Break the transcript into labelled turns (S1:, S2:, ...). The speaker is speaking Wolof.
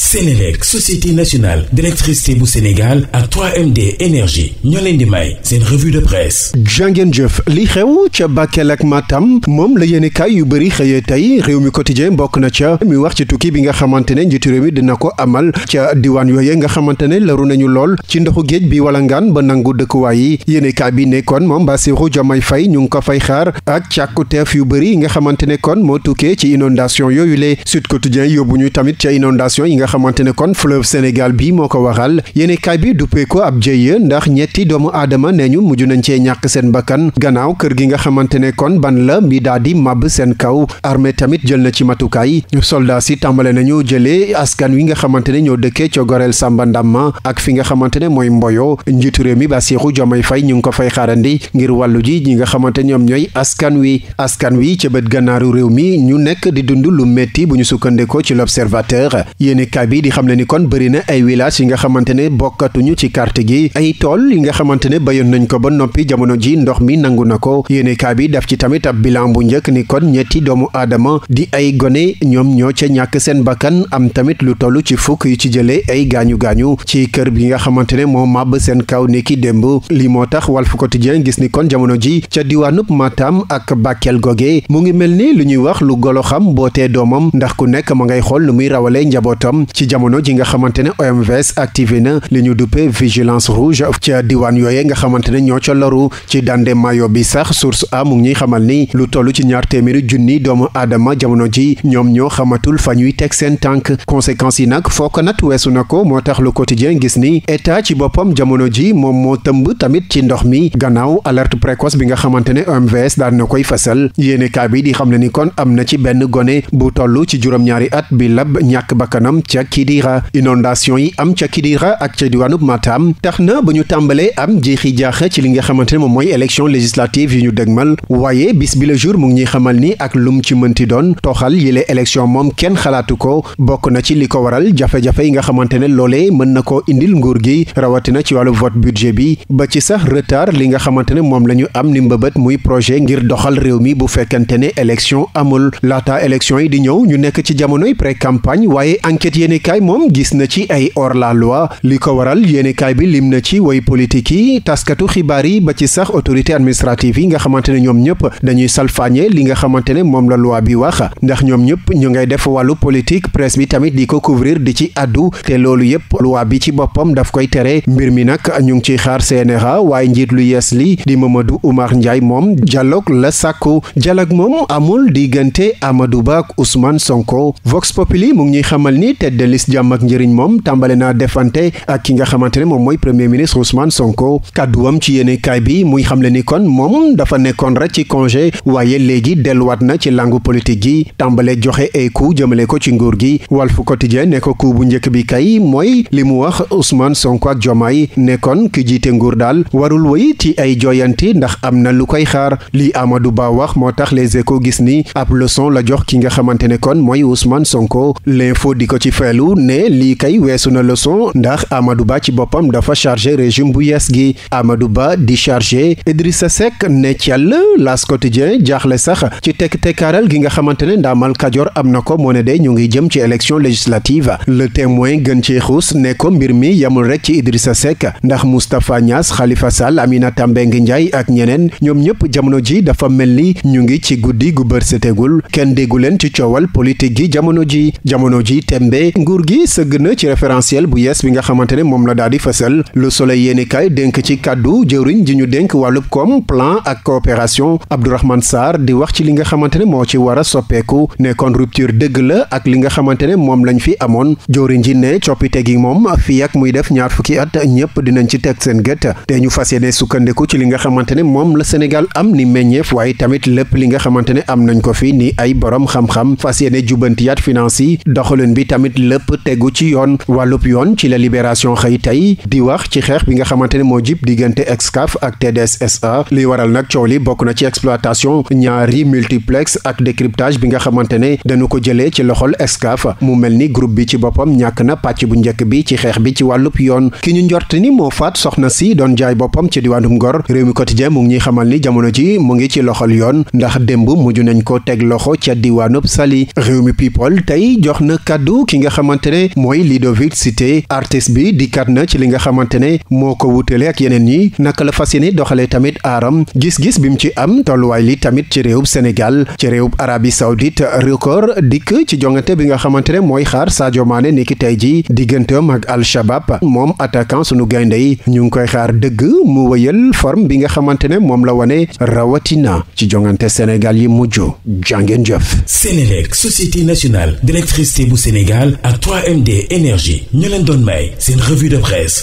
S1: Sénélec société nationale d'électricité bu Sénégal ak 3 énergie ñoo leen di may seen revue de presse jàngeen jëf li xew ca Bakel ak Matam moom la yéene kaay yu bëri xëyee tey réew mi quotidien bokk na ca mi wax ci tukki bi nga xamante ne njiitu réew mi dina ko amal ca diwaan yooye nga xamante ne laru nañu lool ci ndoxu géej bi wala ngan ba nangu dëkkuwaay yi yéene kaay bi nekkoon moom ba Bassirou Diomaye Faye ñu ngi ko fay xaar ak càkkuteef yu bëri yi nga xamante ne kon moo tukkee ci inondation yooyu le Sud Quotidien yóbbu ñu tamit ca inondation yi nga xamante ne kon fleuve Sénégal bi moo ko waral yéenekaay bi duppee ko ab jëye ndax ñetti doomu aadama nee ñu mujj nañ cee ñàkk seen bakkan gannaaw kër gi nga xamante ne kon ban la mi daal di màbb seen kaw armée tamit jël na ci matukaay soldat si tàmbale nañu jëlee askan wi nga xamante ne ñoo dëkkee cogoreel Samba Ndamma ak fi nga xamante ne mooy Mboyo njiitu réew mi ba Bassirou Diomaye Faye ñu ngi ko fay xaarandi ngir wàllu ji ñi nga xamante ñoom ñooy askan wi askan wi ca bët gannaaru réew mi ñu nekk di dund lu metti bu ñu sukkandikoo ci l'observateur yéeni yéenekaay bi di xam ne ni kon bëri na ay village yi nga xamante ne bokkatuñu ci kart gi ay tool yi nga xamante ne bayoon nañ ko ba noppi jamono ji ndox mi nangu na ko yéenekaay bi daf ci tamit ab bilan bu njëkk ni kon ñetti doomu aadama di ay gone ñoom ñoo ca ñàkk seen bakkan am tamit lu toll ci fukk yu ci jëlee ay gaañu-gaañu ci kër bi nga xamante ne moo màbb seen kaw ni ki démb lii moo tax Walf Quotidien gis ni kon jamono ji ca diwaanub Matam ak Bakel goge mu ngi mel ni lu ñuy wax lu golo xam bootee doomam ndax moom ci jamono ji nga xamante ne OMVS activé na li ñu duppe vigilance rouge ca diwaan yooye nga xamante ne ñoo ca loru ci dande mayo bi sax source a mu ñuy xamal ni lu toll ci ñaar téeméeri junni doomu aadama jamono ji ñoom ñoo xamatul fa ñuy teg seen tànk conséquence yi nag foo ko nat weesu na ko moo tax le quotidien gis ni état ci boppam jamono ji moom moo tëmb tamit ci ndox mi gannaaw alerte précoce bi nga xamante ne OMVS daan na koy fasal yéene kaa di xam ne ni kon am na ci benn gone bu toll ci juróom-ñaari at bi lab ñàkk bakkanam ca Kidira inondation yi am ca Kidira ak ca diwaanub Matam tax na ba ñu tàmbalee am jeexi jaaxa ci li nga xamante ne moom mooy élection législative yi ñu dëgmal waaye bis bi la jour mu ngi ñuy xamal ni ak lum ci mënti doon tooxal yile élection moom kenn xalaatu ko bokk na ci li ko waral jafe-jafe yi nga xamante ne loolee mën na koo indil nguur gi rawatina ci wàllu vote budget bi ba ci sax retard li nga xamante ne moom la ñu am ni mbëbët muy projet ngir doxal réew mi bu fekkante ne élection amul laata élection yi di ñëw ñu nekk ci jamonoy pré campagne yéenekaay moom gis na ci ay hors la li ko waral yéenekaay bi lim na ci way politique yi taskatu xibaar yi ba ci sax autorité administrative yi nga xamante ne ñoom ñëpp dañuy salfaañe li nga xamante ne moom la loi bi wax ndax ñoom ñëpp ñu ngay def wàllu politique presse bi tamit di ko couvrir di ci addu te loolu yëpp loi bi ci boppam daf koy tere mbir mi nag ñu ngi ciy xaar seeneexa waaye njiit lu yees li di Mamadou Oumar Ndiaye moom dialogue la sàkku dialogue moom amul diggante Amadou Ba ak Sonko tête de liste jàmm ak njëriñ moom tàmbale naa defante ak ki nga xamante ne moom mooy premier ministre Ousmane Sonko kàdduwam ci yéene kaay bi muy xamle ni kon moom dafa nekkoon rek ci congé waaye léegi delluwaat na ci langue politique gi tàmbale joxe ay coup jëmale ko ci nguur gi Walf Quotidien ne ko coup bu njëkk bi kay mooy li mu wax Ousmane Sonko ak Jomaay nekkoon ki jiite nguur daal warul woy ci ay joyanti ndax am na lu koy xaar li Amadou Ba wax moo tax les échos gis ni ab leçon la jox ki nga xamante feelu ne lii kay weesu na leçon ndax amadu Ba ci boppam dafa chargé régime bu yees gi amadu Ba di chargé Idrissa Seck ne cell L'As Quotidien jaaxle sax ci tekk tekkaaral gi nga xamante ne ndaamal Kajoor am na ko moo ne day ñu ngi jëm ci élection législative le témoin gën ci xuus ne ko mbir mi yamul rek ci Idrissa Seck ndax Moustapha xalifa Khalifa Sall Aminata ngi Ndiaye ak ñeneen ñoom ñëpp jamono ji dafa mel ni ñu ngi ci guddi gu bër setegul kenn déggu leen ci coowal waaye nguur gi sëgg na ci référentiel bu yees bi nga xamante ne moom la daal di fësal Le Soleil yéenekaay dénk ci kàddu jëwriñ ji ñu dénk wàllub koom plan ak coopération Abdourahmane saar di wax ci li nga xamante ne moo ci war a soppeeku ne kon la ak li nga xamante ne moom lañ fi amoon jëwriñ ji ne coppite gi moom fii ak muy def ñaar fukki at ñëpp dinañ ci teg seen gët te ñu fas yéene sukkandiku ci li nga xamante ne moom la Sénégal am ni meññeef waaye tamit lépp li nga xamante ne am nañ ko fi ni ay borom xam-xam lépp tegu ci yoon wàllub yoon ci la libération xëy tey di wax ci xeex bi nga xamante ne moo jib diggante Excaf ak TDS SA li waral nag coow li bokk na ci exploitation ñaari multiplex ak décryptage bi nga xamante ne dañu ko jëlee ci loxol Excaf mu mel ni group bi ci boppam ñàkk na pàcc bu njëkk bi ci xeex bi ci wàllub yoon ki ñu njort ni moo faat soxna si doon jaay boppam ci diwaanum Ngor réew mi quotidien mu ngi xamal ni jamono ji mu ngi ci loxol yoon ndax démb mujj nañ ko teg loxo ca diwaanub Saly réew mi nga xamante ne mooy Ludovic site artiste bi dikkaat na ci li nga xamante ne moo ko wutale ak yeneen yi naka la fas yéene doxalee tamit aaram gis-gis bi mu ci am tolluwaay li tamit ci réewub Sénégal ci réewub Arabie Saoudite record dikk ci jongante bi nga xamante ne mooy xaar Sadio Mané niki tey ji digganteem ak Al moom attaquant sunu gaynde yi ñu ngi koy xaar dëgg mu wëyal forme bi nga xamante ne moom la wane rawatina ci jongante Sénégal yi mujj jàngeen jëf Sénélec société Sénégal ak 3MD énergie ñu leen doon may seen revue de presse